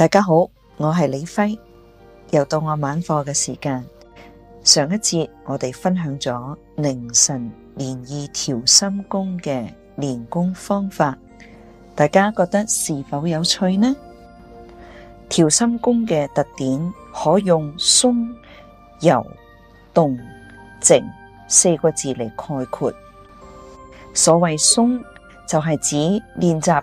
大家好，我係李輝，又到我晚課嘅時間。上一節我哋分享咗凌晨練意調心功嘅練功方法，大家覺得是否有趣呢？調心功嘅特點，可用鬆、柔、動、靜四個字嚟概括。所謂鬆，就係指練習。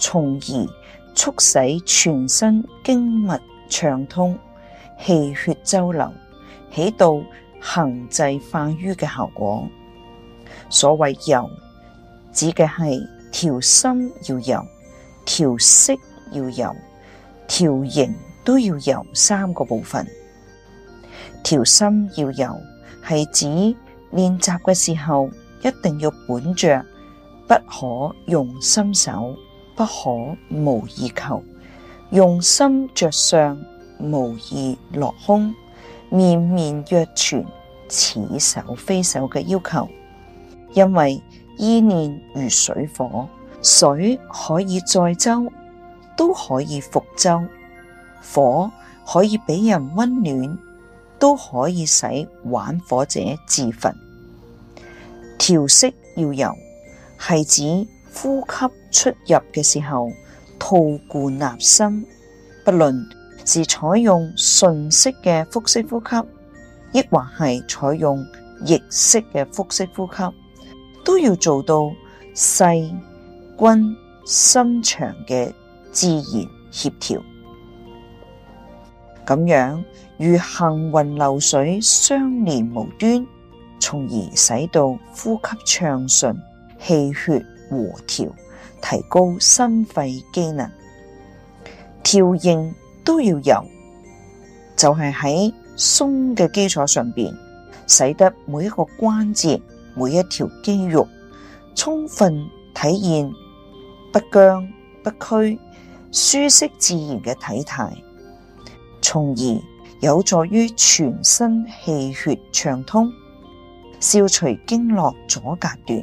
從而促使全身經脈暢通、氣血周流，起到行滯化瘀嘅效果。所謂柔，指嘅係調心要柔、調息要柔、調形都要柔三個部分。調心要柔係指練習嘅時候一定要本着，不可用心手。不可無意求，用心着相，無意落空，面面若全似守非守嘅要求，因為意念如水火，水可以載舟，都可以覆舟；火可以俾人溫暖，都可以使玩火者自焚。調息要油，係指呼吸。出入嘅時候，吐故納新，不論是採用順式嘅腹式呼吸，抑或係採用逆式嘅腹式呼吸，都要做到細、均、深、長嘅自然協調，咁樣與行雲流水相連無端，從而使到呼吸暢順，氣血和調。提高心肺機能，調形都要有，就係喺鬆嘅基礎上邊，使得每一個關節、每一條肌肉充分體現不僵不屈、舒適自然嘅體態，從而有助於全身氣血暢通，消除經絡阻隔段。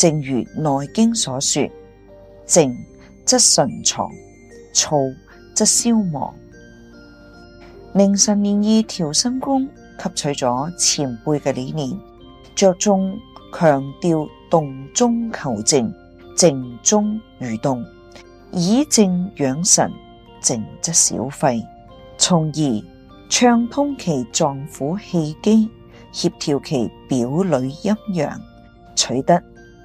正如《內經》所說，靜則神藏，躁則消亡。凝神練意調心功，吸取咗前輩嘅理念，着重強調動中求靜，靜中寓動，以靜養神，靜則小廢，從而暢通其臟腑氣機，協調其表裏陰陽，取得。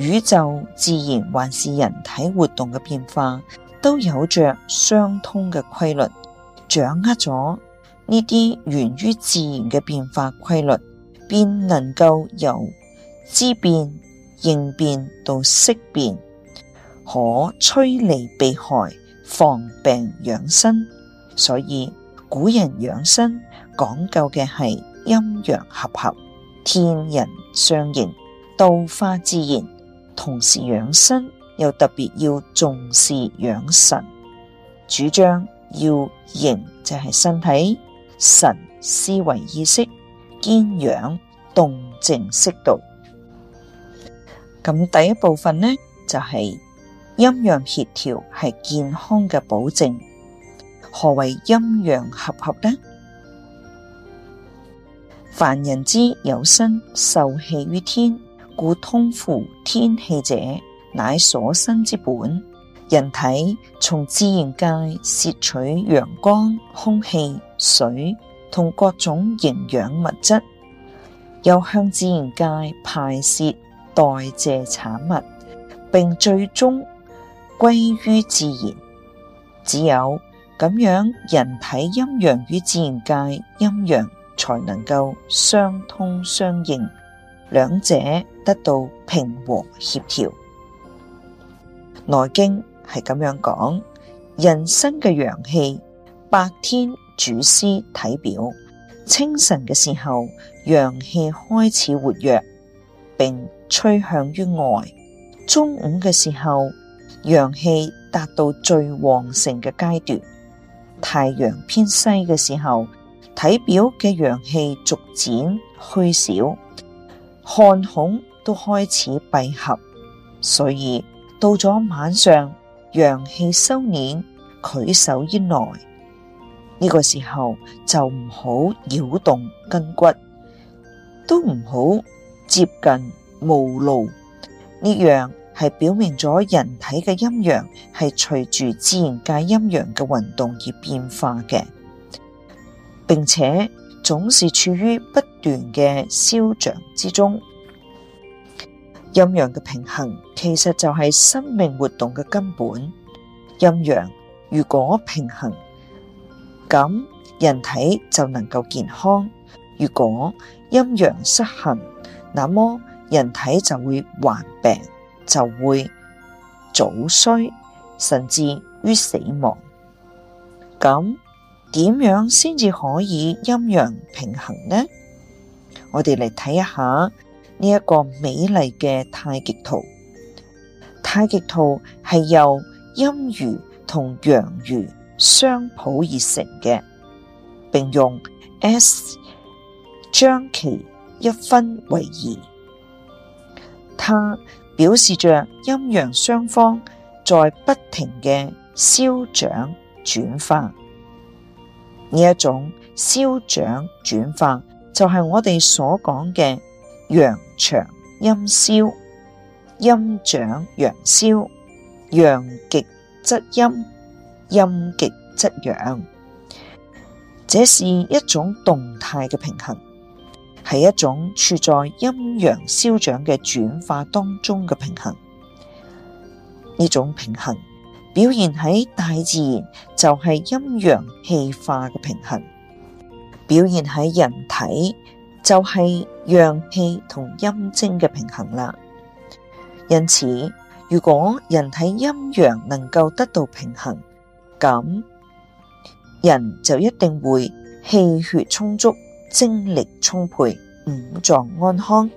宇宙自然還是人體活動嘅變化，都有着相通嘅規律。掌握咗呢啲源於自然嘅變化規律，便能夠由知變應變到識變，可趨利避害，防病養生。所以古人養生講究嘅係陰陽和合、天人相形，道化自然。同時養生，又特別要重視養神。主張要形就係身體，神思維意識兼養，動靜適度。咁第一部分呢，就係陰陽協調係健康嘅保證。何謂陰陽合合呢？凡人之有身，受氣於天。故通乎天氣者，乃所生之本。人體從自然界攝取陽光、空氣、水同各種營養物質，又向自然界排泄代謝產物，並最終歸於自然。只有咁樣，人體陰陽與自然界陰陽才能夠相通相應，兩者。得到平和協調，《內經》係咁樣講：人生嘅陽氣，白天主司體表，清晨嘅時候陽氣開始活躍，並趨向於外；中午嘅時候，陽氣達到最旺盛嘅階段；太陽偏西嘅時候，體表嘅陽氣逐漸虛少，汗孔。都開始閉合，所以到咗晚上，陽氣收斂，拒守於內。呢個時候就唔好擾動筋骨，都唔好接近霧露。呢樣係表明咗人體嘅陰陽係隨住自然界陰陽嘅運動而變化嘅，並且總是處於不斷嘅消長之中。陰陽嘅平衡其實就係生命活動嘅根本。陰陽如果平衡，咁人體就能夠健康；如果陰陽失衡，那麼人體就會患病，就會早衰，甚至於死亡。咁點樣先至可以陰陽平衡呢？我哋嚟睇一下。呢一個美麗嘅太極圖，太極圖係由陰魚同陽魚相抱而成嘅，並用 S 將其一分為二，它表示着陰陽雙方在不停嘅消長轉化。呢一種消長轉化就係我哋所講嘅。陽長陰消，陰長陽消，陽極則陰，陰極則陽。這是一種動態嘅平衡，係一種處在陰陽消長嘅轉化當中嘅平衡。呢種平衡表現喺大自然，就係陰陽氣化嘅平衡；表現喺人體，就係陽氣同陰精嘅平衡啦。因此，如果人體陰陽能夠得到平衡，咁人就一定會氣血充足，精力充沛，五臟安康。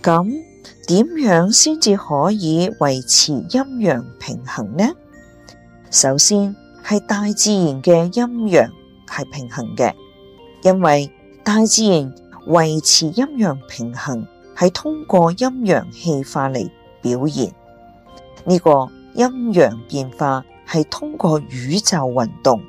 咁點樣先至可以維持陰陽平衡呢？首先係大自然嘅陰陽係平衡嘅，因為大自然維持陰陽平衡，係通過陰陽氣化嚟表現。呢個陰陽變化係通過宇宙運動，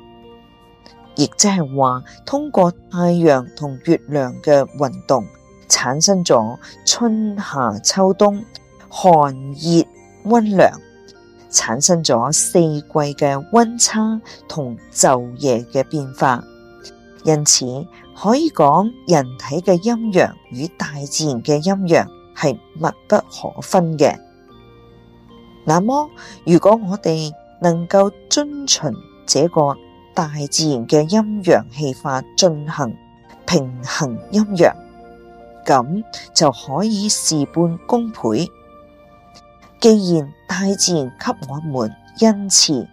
亦即係話通過太陽同月亮嘅運動，產生咗春夏秋冬、寒熱溫涼，產生咗四季嘅溫差同晝夜嘅變化，因此，可以講，人體嘅陰陽與大自然嘅陰陽係密不可分嘅。那麼，如果我哋能夠遵循這個大自然嘅陰陽氣化進行平衡陰陽，咁就可以事半功倍。既然大自然給我們恩賜，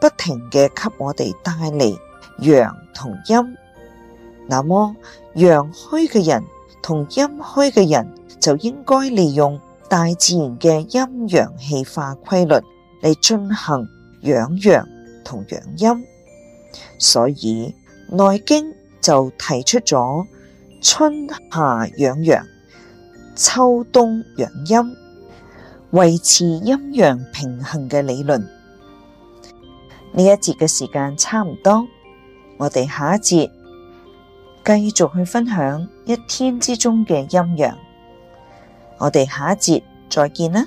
不停嘅給我哋帶嚟陽同陰。那麼陽虛嘅人同陰虛嘅人就應該利用大自然嘅陰陽氣化規律嚟進行養陽同養陰。所以《內經》就提出咗春夏養陽、秋冬養陰，維持陰陽平衡嘅理論。呢一節嘅時間差唔多，我哋下一節。繼續去分享一天之中嘅陰陽，我哋下一節再見啦。